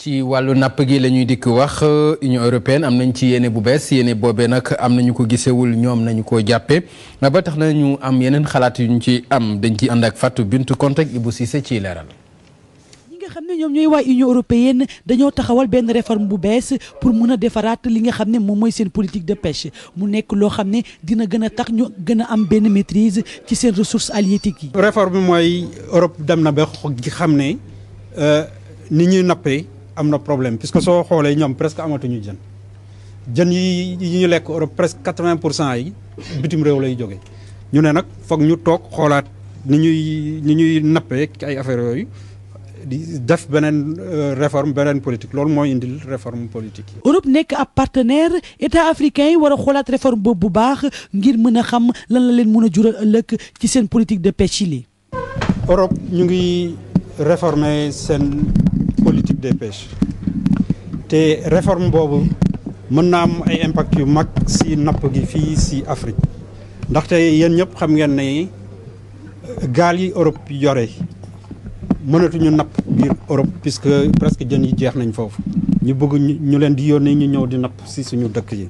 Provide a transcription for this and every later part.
ci wàllu napp gi la ñuy dikk wax euh, Union européenne am nañ ci yéene bu bees yéene boobee nag am nañu ko gisewul ñoom nañu ko jàppee ah, ba tax na ñu am yeneen xalaat yu ñu ci am dañ ci ànd ak fàtt bintu Konte ak Ibou Cissé ci leeral. nga xam ne ñoom ñooy waa union européenne dañoo taxawal benn réforme bu bees pour mun a defaraat li nga xam ne moom mooy seen politique de pêche mu nekk loo xam ne dina gën a tax ñu gën a am benn maîtrise ci seen ressources halieutiques yi. réforme bi mooy Europe dem na ba xam ne euh, ni ñuy nappee am na problème puisque soo xoolee ñoom presque amatuñu jën jën yi yi ñu lekk Europe presque quatre-vingt pour cent yi bitim réew lay jóge ñu ne nag foog ñu toog xoolaat ni ñuy ni ñuy nappee ay affaires yooyu di def beneen euh, réforme beneen politique loolu mooy indil réforme politique yi. Europe nekk ab partenaire état africain yi war a xoolaat réforme boobu bu baax ngir mën a xam lan la leen mun a jural ëllëg ci seen politique de pêche yi. Europe ñu ngi réformer seen. code des te réforme boobu mën naa am ay impact yu mag si napp gi fii si Afrique ndaxte yéen ñëpp xam ngeen ni gaal yi Europe yore mënatuñu napp biir Europe puisque presque jën yi jeex nañ foofu ñu bëgg ñu leen di yónnee ñu ñëw di napp si suñu dëkk yi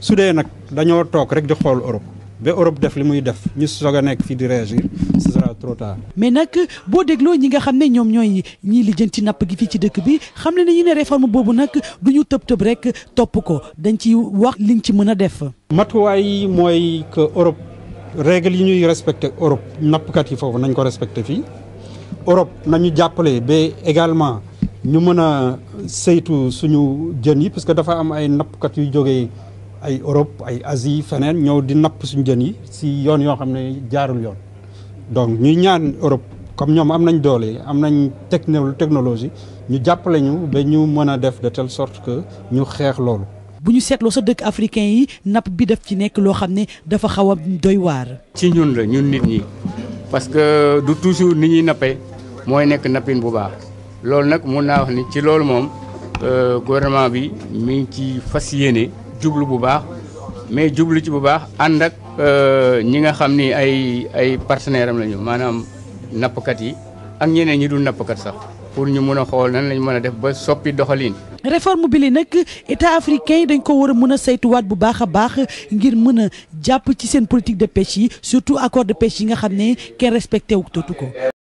su dee nag dañoo toog rek di xool Europe ba Europe def li muy def ñu soog a nekk fii di réagir trop mais nag boo dégloo ñi nga xam ne ñoom ñooy ñii ñiy ci napp gi fii ci dëkk bi xam ne ñu ne réforme boobu nag du ñu tëb tëb rek topp ko dañ ci wax liñ ci mën a def. matuwaay yi mooy que Europe règle yi ñuy respecté Europe nappkat yi foofu nañ ko respecté fii Europe nañu jàppale ba également ñu mën a saytu suñu jën yi parce que dafa am ay nappkat yu jógee. ay Europe ay Asie feneen ñëw di napp suñu jën yi si yoon yoo xam ne jaarul yoon donc ñuy ñaan Europe comme ñoom am nañ doole am nañ techno technologie ñu jàppale ñu ba ñu mën a def de telle sorte que ñu xeex loolu. bu ñu seetloo sa dëkk africain yi napp bi daf ci nekk loo xam ni dafa xaw a doy waar. ci ñun la ñun nit ñi parce que du toujours nit ñuy nappe mooy nekk nappin bu baax loolu nag mun naa wax ni ci loolu moom euh, gouvernement bi mi ngi ci fas yéene jublu bu baax mais jublu ci bu baax ànd ak. Euh, ñi nga xam ni ay ay partenaire am lañu maanaam nappkat yi ak ñeneen ñi dul nappkat sax pour ñu mun a xool nan lañ mën a def ba soppi doxalin. réforme bi li nag état dañ ko war a mun a saytuwaat bu baax a baax ngir mën a jàpp ci seen politique de pêche yi surtout accord de pêche yi nga xam ne kenn respecté wu ko.